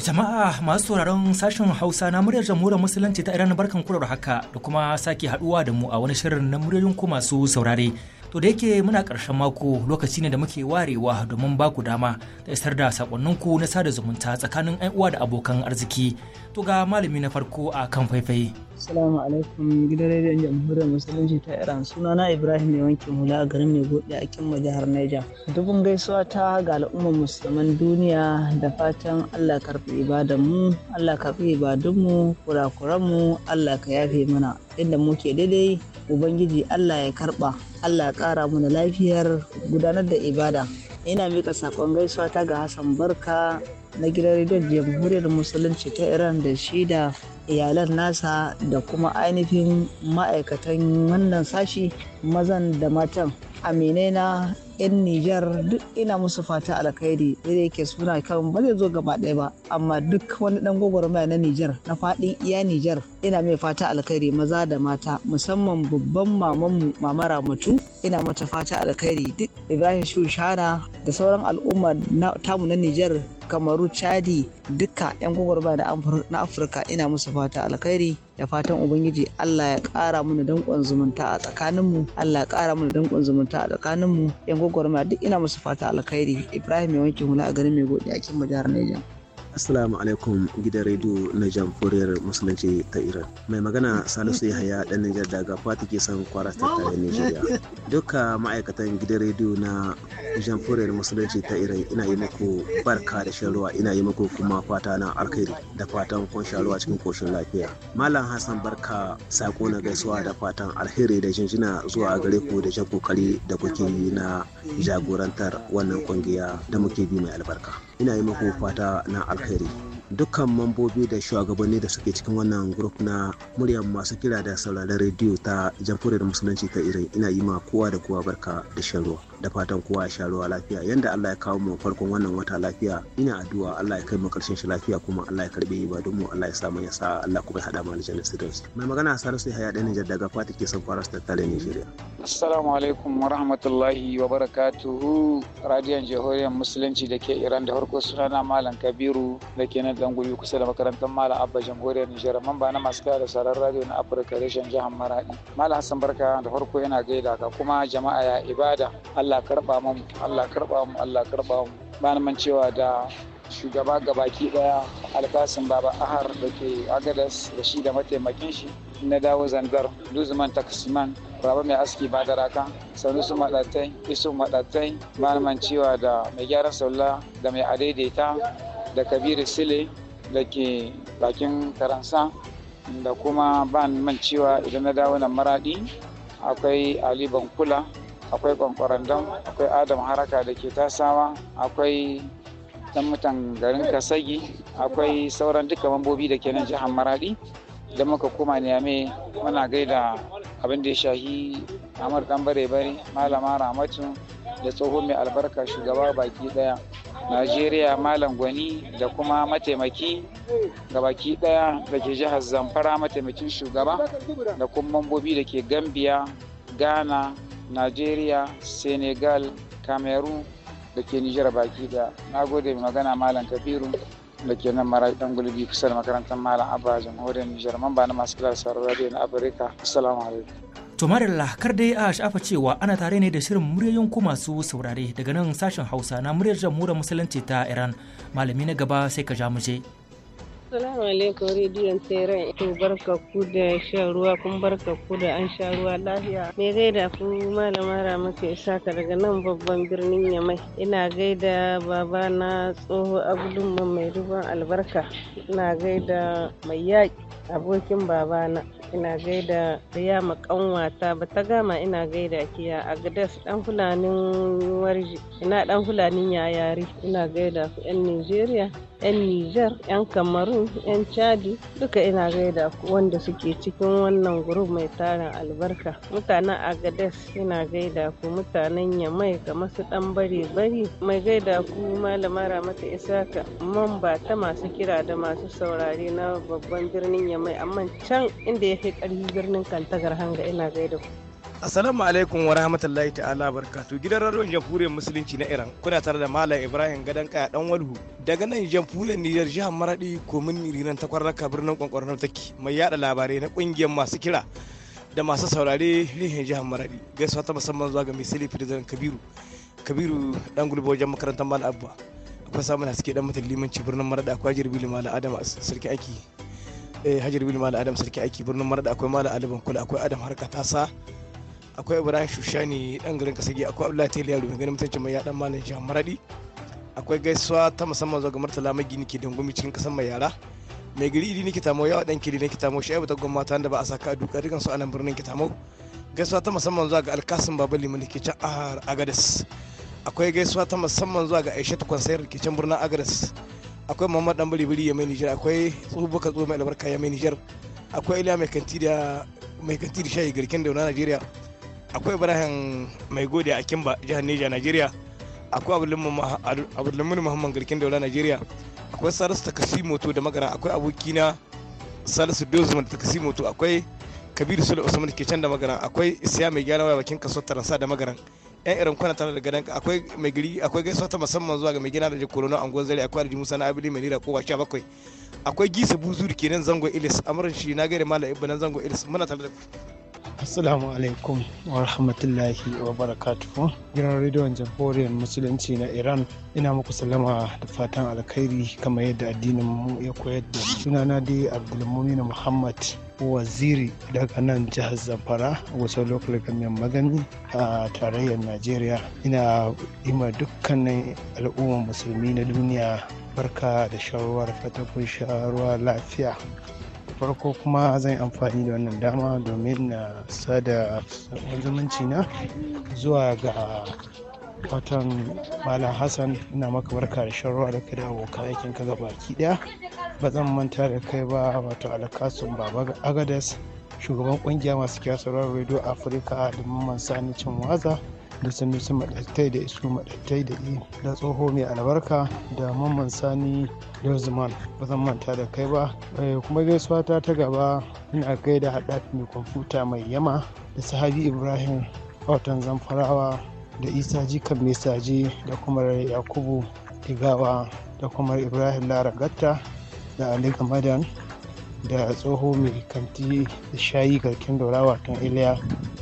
Jama'a masu sauraron sashen Hausa na muryar jamhuriyar Musulunci ta Iran barkan kurar haka da kuma sake haduwa da mu a wani shirin na muryoyin ku masu saurare. To da yake muna karshen mako lokaci ne da muke warewa domin ba ku dama da isar da sakonnin ku na sada zumunta tsakanin 'yan uwa da abokan arziki. To ga malami na farko a kan faifai. Assalamu alaikum gidan rediyon jamhuriyar musulunci ta Iran suna na Ibrahim mai wankin hula a garin mai gode a kimma jihar Niger. Dubin gaisuwa ta ga al'ummar musulman duniya da fatan Allah karfi ibadan mu, Allah karfi ibadun mu, kurakuran mu, Allah ka yafe mana. Inda muke daidai Ubangiji Allah ya karba. Allah ya ƙara mana lafiyar gudanar da ibada. Ina mika saƙon gaisuwa ta ga Hassan Barka na gidan rediyon jamhuriyar musulunci ta Iran da shi da iyalan nasa da kuma ainihin ma'aikatan wannan sashi mazan da matan. Aminai 'yan Nijar duk ina musu fata alkhairi da yake suna kan ba zai zo gaba ɗaya ba amma duk wani dan gwagwarmaya na Nijar na faɗin iya Nijar ina mai fata alkhairi maza da mata musamman babban mamanmu mamara Ramatu ina mata fata alkhairi duk Ibrahim Shushana da sauran al'umma tamu na Nijar kamaru chadi duka 'yan gwagwarba na afirka ina musu fata alkhairi da fatan ubangiji allah ya kara mana danƙon zumunta a tsakaninmu allah ya kara mana danƙon zumunta a tsakaninmu 'yan gwagwarma duk ina musu fata alkhairi ibrahim ya wanke hula a garin mai godiya a kin jihar niger Assalamu alaikum gidan rediyo na jamhuriyar musulunci ta Iran. Mai magana Salisu Yahaya dan Nijar daga Fati ke san kwara tare Nijeriya. Duka ma'aikatan gidan rediyo na jamhuriyar musulunci ta Iran ina yi muku barka da shan ruwa ina yi muku kuma fata na alkhairi da fatan kun sha ruwa cikin koshin lafiya. Malam Hassan barka sako na gaisuwa da fatan alheri da jinjina zuwa gare ku da jan kokari da kuke yi na jagorantar wannan kungiya da muke bi mai albarka. ina yi muku fata na alheri dukkan mambobi da shugabanni da suke cikin wannan grup na muryar masu kira da sauraron rediyo ta jamhuriyar musulunci ta irin ina yi ma kowa da kowa barka da shan ruwa da fatan kowa ya sha ruwa lafiya yanda Allah ya kawo mu farkon wannan wata lafiya ina addu'a Allah ya kai mu karshen shi lafiya kuma Allah ya karbe ibadun mu Allah ya sa ya sa Allah kuma ya hada mu aljanna sirrin mai magana Salisu haya da Nijar daga Fati ke son fara tattare Nigeria Assalamu alaikum wa rahmatullahi wa barakatuhu radiyon jihohiyar musulunci da ke Iran da farko na Malam Kabiru da ke nan kusa da makarantar Malam Abba Jamhuriyar Nijar mamba na masu da sarar radiyo na Afirka reshen jihar Maradi Malam Hassan Barka da farko yana gaida ka kuma jama'a ya ibada Allah Allah karba mu Allah karba mu Allah karba mu malaman cewa da shugaba gabaki daya alkasin baba ahar da ke agadas da shi da mataimakin shi na dawo zangar duzuman takasiman raba mai aski ba da raka sanu su maɗatai isu maɗatai malaman cewa da mai gyaran saula da mai adaidaita da kabiru sile da ke bakin karansa da kuma ban man cewa idan na dawo nan maradi akwai ali bankula akwai dam akwai adam haraka da ke tasawa akwai dan mutan garin kasagi akwai sauran duka mambobi da ke nan jihar maradi da muka koma niyame muna gaida abin da ya shahi amur dan bare bare malama ramatu da tsoho mai albarka shugaba baki daya najeriya malam gwani da kuma mataimaki ga baki daya da ke jihar zamfara mataimakin shugaba da kuma mambobi da ke gambiya ghana najeriya senegal cameroon da ke nijar baki da na mai magana malam kabiru da ke nan mara dan gulbi kusa da makarantar malam abba jamhuriyar nijar ba na masu kula da radio na afirka assalamu alaikum to marilla kar dai a shafa cewa ana tare ne da shirin muryoyin ku masu saurare daga nan sashen hausa na muryar jamhuriyar musulunci ta iran malami na gaba sai ka ja mu je. Salamu alaikum rediyon Teran. To barka ku da shan ruwa kun barka ku da an sha ruwa lafiya. Me gaida ku malama ke saka? daga nan babban birnin Yamai. Ina gaida baba na tsoho mai ruban albarka. Ina gaida mai yaƙi abokin babana. ina gaida ya makanwata ba ta gama ina gaida kiya a gadas dan fulanin warji ina dan fulanin yayari ina gaida yan 'yan Nijar, 'yan Kamarun, 'yan Chadi duka ina gaida ku wanda suke cikin wannan gurup mai tarin albarka. Mutanen Agades ina gaida ku mutanen Yamai kamar su ɗan bare bari mai gaida ku malama Ramata Isaka mamba ta masu kira da masu saurare na babban birnin Yamai amma can inda ya fi ƙarfi birnin Kantagar hanga ina gaida ku. Assalamu alaikum wa rahmatullahi ta'ala barkatu gidan radio jamhuriyar musulunci na Iran kuna tare da Malam Ibrahim Gadan Kaya dan Walhu daga nan jamhuriyar Niger jihar Maradi komin Rinan takwarraka birnin kwankwarnar take mai yada labarai na kungiyar masu kira da masu saurare rihin jihar Maradi gaisuwa ta musamman zuwa ga Misali Firzan Kabiru Kabiru dan gulbo wajen makarantar Malam Abba akwai samun haske dan mutum limanci birnin Maradi akwai Jirbili Malam Adam sarki aiki eh, Hajar Malam Adam sarki aiki birnin Maradi akwai Malam Aliban Kula akwai Adam Harka Tasa akwai ibrahim shushani dan garin kasage akwai abdullahi teliya rubin ganin mutuncin mai yaɗan malam jihar maradi akwai gaisuwa ta musamman zuwa ga martala magini ke dangumi cikin kasan mai yara mai gari idi ni kitamo yawa dan kiri ni kitamo shi ta gwamnati da ba a saka a duka dukan su a nan birnin kitamo gaisuwa ta musamman zuwa ga alkasin babali mun ke can agadas akwai gaisuwa ta musamman zuwa ga aisha kwansayar ke can birnin agadas akwai muhammad dan biri ya mai nijar akwai tsubuka tsohuwa mai albarka ya mai nijar akwai iliya mai kanti da mai kanti da shayi garken najeriya akwai ibrahim mai gode a kimba jihar neja najeriya akwai abdulmumin muhammad garkin daula najeriya akwai salisu kasi moto da magana akwai abokina salisu dozman takasi moto akwai kabiru sule usman ke can da magana akwai isya mai gyara waya bakin kaso taransa da magana yan irin kwana tare da gadan akwai mai gari akwai gaisuwa ta musamman zuwa ga mai gina da a angon zare akwai aljihun musa na abili mai nira kowa sha bakwai akwai gisa buzuri kenan zango ilis amarin shi na gari mala ibbanan zango ilis muna tare da ku Assalamu alaikum wa rahmatullahi wa barakatuhu. Gidan rediyon jamhuriyar musulunci na Iran ina muku salama da fatan alkhairi kamar yadda addinin mu ya koyar da sunana dai Abdulmumin Muhammad waziri daga nan jihar zamfara wasu local government magani a tarayyar najeriya ina yi ma dukkanin al'ummar musulmi na duniya barka da shawarar fatakun shawarwa lafiya farko kuma zan amfani da wannan dama domin na sada zumunci na zuwa ga watan malam hassan ina maka barka da sharuwa da kai da abokan aikin ka baki daya ba zan manta da kai ba wato alakasun baba agadas shugaban kungiya masu kyasarwar radio afirka da mamman sani cin waza da sanusi maɗattai da isu maɗattai da yi da tsoho mai albarka da mamman sani Lozman ba zan manta da kai ba eh, kuma gaisuwa ta ta gaba ina da haɗa mai kwamfuta mai yama da sahabi ibrahim watan zamfarawa da isa jikan mai saje da kuma yakubu Igawa, da kuma ibrahim laragatta da ali gamadan da tsoho mai kanti da shayi garkin daura watan iliya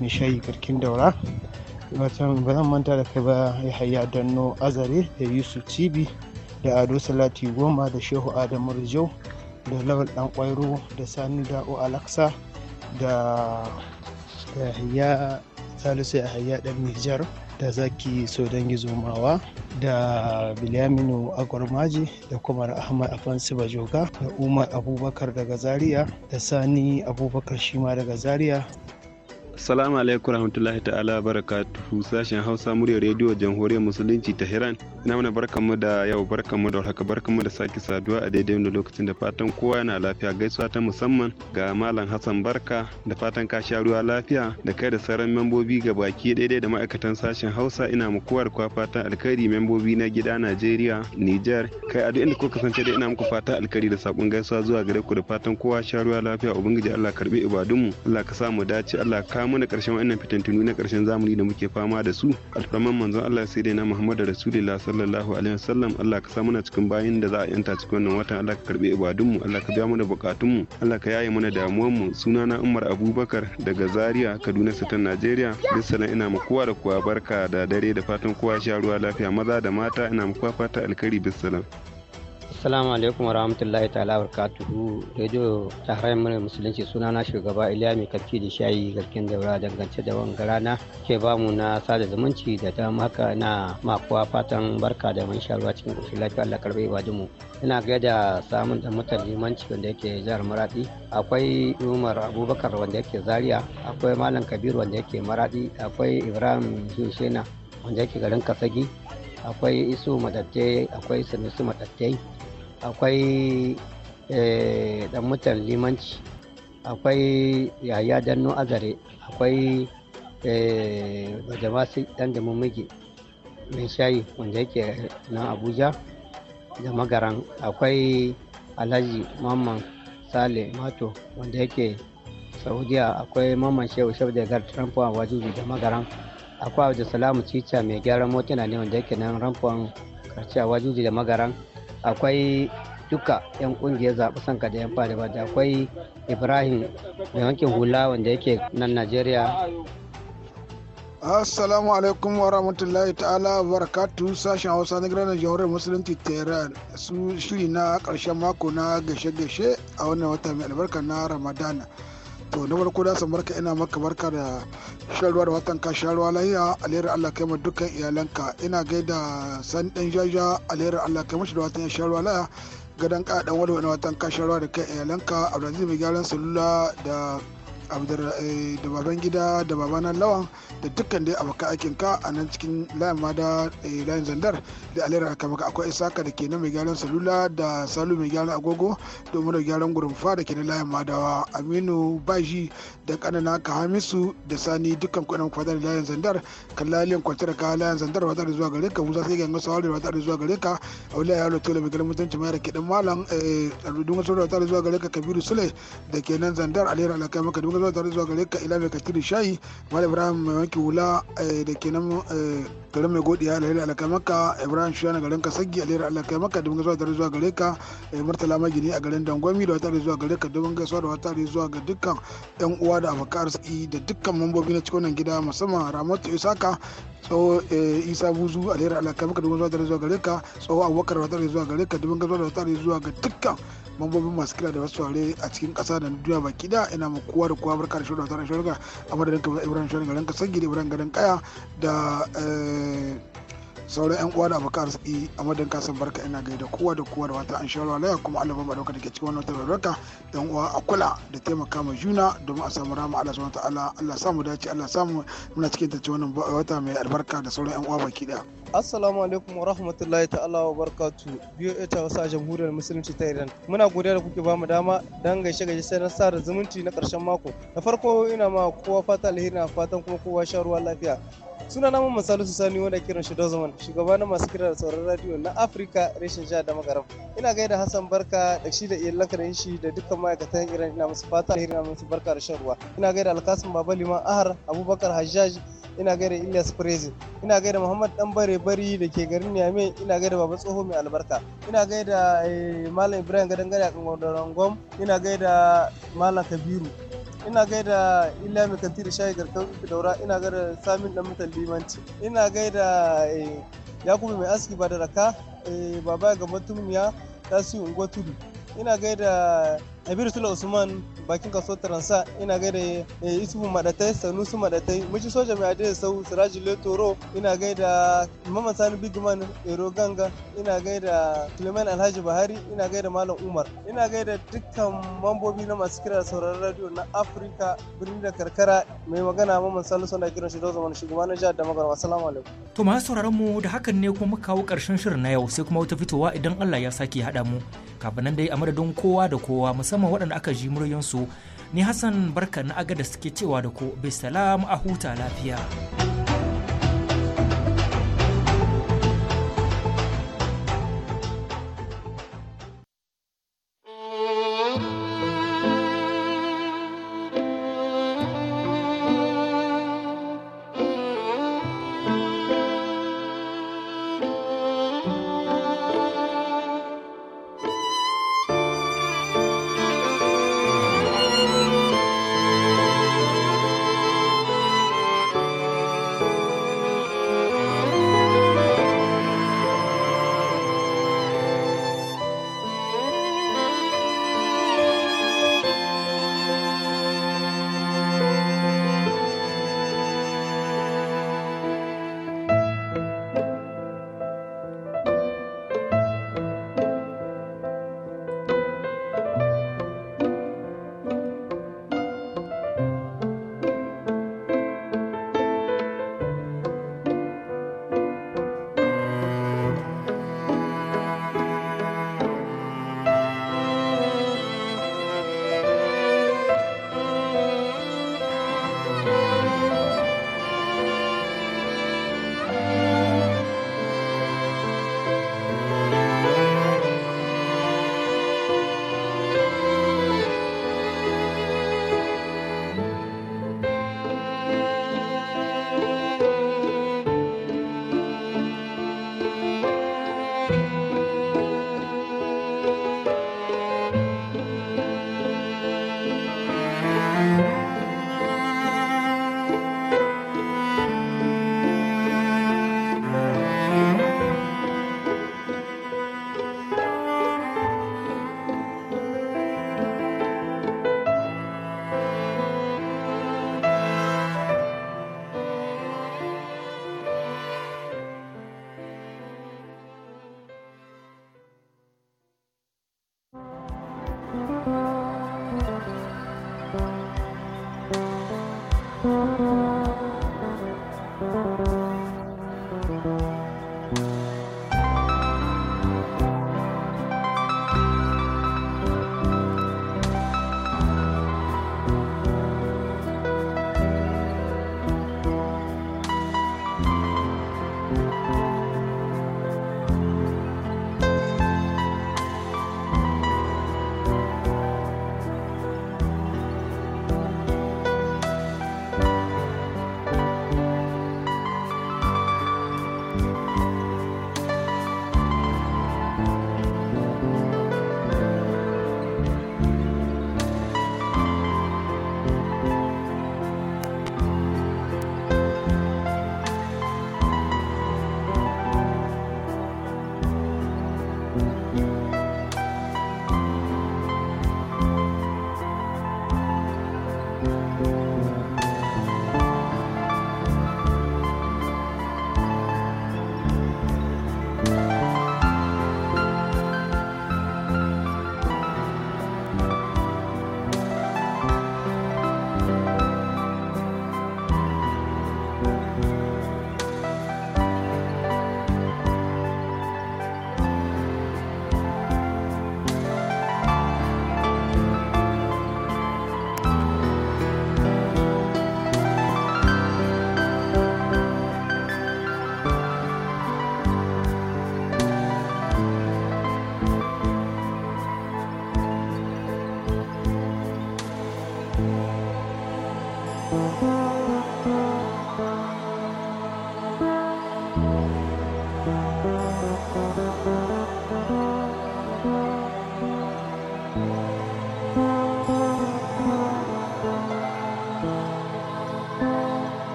mai shayi garkin daura ba zan manta da kai ba ya haya danno azare da yusuf cibi da ado salati goma da shehu adamu rijo da lawal dan kwairo da sani da'o alaksa da yahaya salisu yahaya dan nijar da zaki gizo zomawa da bilyaminu agwarmaji da kuma ahmad afansu bajoga da umar abubakar daga zaria da sani abubakar shima daga zaria Salamu alaikum rahmatullahi ta'ala barakatuhu sashen Hausa muryar rediyo Jamhuriyar Musulunci ta hiran Ina mana mu da yau mu da haka mu da sake saduwa a daidai wani lokacin da fatan kowa yana lafiya gaisuwa ta musamman ga Malam Hassan Barka da fatan ka sha ruwa lafiya da kai da sauran membobi ga baki daidai da ma'aikatan sashen Hausa ina muku kwa fatan alkhairi membobi na gida Najeriya, Niger, kai a duk inda kuka kasance dai ina muku fatan alkhairi da sakon gaisuwa zuwa gare ku da fatan kowa sha ruwa lafiya ubangiji Allah karbi ibadunmu Allah ka sa mu dace Allah ka mana karshen wannan fitantunu na karshen zamani da muke fama da su alfarman manzon Allah sai dai na Muhammadu Rasulullah sallallahu alaihi wasallam Allah ka sa muna cikin bayin da za a yanta cikin wannan watan Allah ka karbe ibadun mu Allah ka biya mana bukatun mu Allah ka yaye mana damuwan mu sunana Umar Abubakar daga Zaria Kaduna Sitan Najeriya bisala ina ma kowa da kowa barka da dare da fatan kowa sha ruwa lafiya maza da mata ina ma kowa fata alkhairi Assalamu alaikum warahmatullahi ta'ala barkatuhu Radio ta mana Musulunci suna na shugaba Iliya mai kafi da shayi garkin daura dangance da wanga rana ke bamu na sada zumunci da ta haka na makuwa fatan barka da man ruwa cikin ƙoshin lafiya Allah karbe ba Ina gaida samun da mutan limanci wanda yake jihar Maradi akwai Umar Abubakar wanda yake Zaria akwai Malam Kabiru wanda yake Maradi akwai Ibrahim Hushena wanda yake garin Kasagi akwai Isu Madatte akwai sanusu Madatte akwai eh, dan mutan limanci akwai yaya danno azare akwai eh, bajamasi dan da mummige mai shayi wanda yake nan abuja da magaran akwai alhaji mamman sale mato wanda yake saudiya akwai mamman shehu shehu da gar trampo a wajuji da magaran akwai abu da salamu cica mai gyaran motuna ne wanda yake nan ramfon karshe a wajuji da magaran akwai duka 'yan kungiyar zaɓi sanka da 'yan ba da akwai ibrahim mai wankin hula wanda yake nan najeriya assalamu alaikum wa rahmatullahi ta'ala barakatu sashen hausa na gidan jamhuriyar musulunci tehran su shiri na karshen mako na gashe-gashe a wannan wata mai albarka na ramadana to na farko da san barka ina maka barka da shan ruwa da watan ka sharuwa ruwa lahiya alherin Allah kai ma dukkan iyalanka ina gaida san dan jaja alherin Allah kai mashi da watan shan ruwa lahiya gadan ka dan wani watan ka shan ruwa da kai iyalanka Abdulaziz mai gyaran salula da Eh, da baban gida da babana lawan da dukkan dai abokan aikin ka a nan cikin layin mada eh, layin zandar da alera maka akwai isaka da ke na mai gyaran salula da salu mai gyaran agogo domin da gyaran gurumfa da ke na layin madawa aminu baji da kanana ka hamisu da sani dukkan kudin kwadar layin zandar kallalin kwantar ka layin zandar wata da zuwa gare ka musa sai gangan sawari wata da zuwa gare ka aulaya yaro tola mai gyaran mutunci mai da ke dan malam a rudun wasu wata da zuwa gare ka kabiru sule da ke nan zandar alera maka dukkan zuwa tare zuwa gare ka ila mai katiri shayi malam ibrahim mai wanki wula eh, da ke nan eh, garin mai godiya alheri alakai maka ibrahim na garin kasagi lera alakai maka domin gaisuwa tare zuwa gare ka eh, murtala magini a garin dangwami da wata tare zuwa gare ka domin gaisuwa da wata tare zuwa ga dukkan yan uwa da abokan arziki da dukkan mambobi na cikin gida musamman ramatu isaka tsawo eh, isa buzu lera alakai maka domin gaisuwa tare zuwa gare ka tsawo abubakar da wata tare zuwa gare ka domin gaisuwa da wata tare zuwa ga dukkan mambobin masu kira da wasu ware a cikin kasa da duniya baki da ina ma kowa da kowa barka da shirin da wata shirin a madadin ibrahim shirin garin kasagi da ibrahim garin kaya da eh, sauran yan uwa da abokan arziki a madan kasan barka ina gai da kowa da kowa da wata an shawarwa laya kuma Allah ba da dake cikin wannan tarurruka yan uwa a kula da taimaka ma juna domin a samu rama Allah subhanahu ta'ala Allah samu dace Allah samu muna cikin ta wannan wata mai albarka da sauran yan uwa baki daya Assalamu alaikum wa rahmatullahi ta'ala wa barkatu biyo ita wasa jamhuriyar musulunci ta Iran muna godiya da kuke bamu dama dan gaishe gaishe sai na sa da zumunci na karshen mako da farko ina ma kowa fata alheri na fatan kuma kowa sha ruwa lafiya suna na mamman salisu sani wanda kiran shi dozaman shugaba na masu kira da sauran radio na afirka reshen jihar da magaram ina gaida hassan barka da shi da iyalanka da shi da dukkan ma'aikatan iran ina musu fata ina musu barka da shan ruwa ina gaida alkasim baba liman ahar abubakar hajjaj ina gaida Ilyas Prezi ina gaida Muhammad Dan Bare Bari da ke garin Niamey ina gaida Baba Tsoho mai albarka ina gaida eh, Malam Ibrahim Gadangare a kan Gwam ina gaida Malam Kabiru ina gaida iliya mai kanti da shayi garkan daura ina gaida samin dan mutan limanci ina gaida eh, yakubu mai aski ba da raka eh, baba ga mutumiya tasiri unguwa tudu ina gaida Abir Sula Usman bakin kaso Taransa ina gaida Isufu eh, Madatai Sanusi Madatai Muci Soja Mai Adai Sau Siraji Letoro ina gaida Maman Sani Bigman Ero Ganga ina gaida Suleiman Alhaji buhari ina gaida Malam Umar ina gaida dukkan mambobi na masu kira sauraron radio na Afirka birni da karkara mai magana Maman Salisu na kiran shi da zaman shugaba na jihar da magarwa assalamu alaikum. To masu sauraron mu da hakan ne kuma muka kawo karshen shirin na yau sai kuma wata fitowa idan Allah ya sake haɗa mu kafin nan dai a madadin kowa da kowa musamman musamman waɗanda aka ji muryansu ni hassan barka na agada suke cewa da ku bisalam a huta lafiya.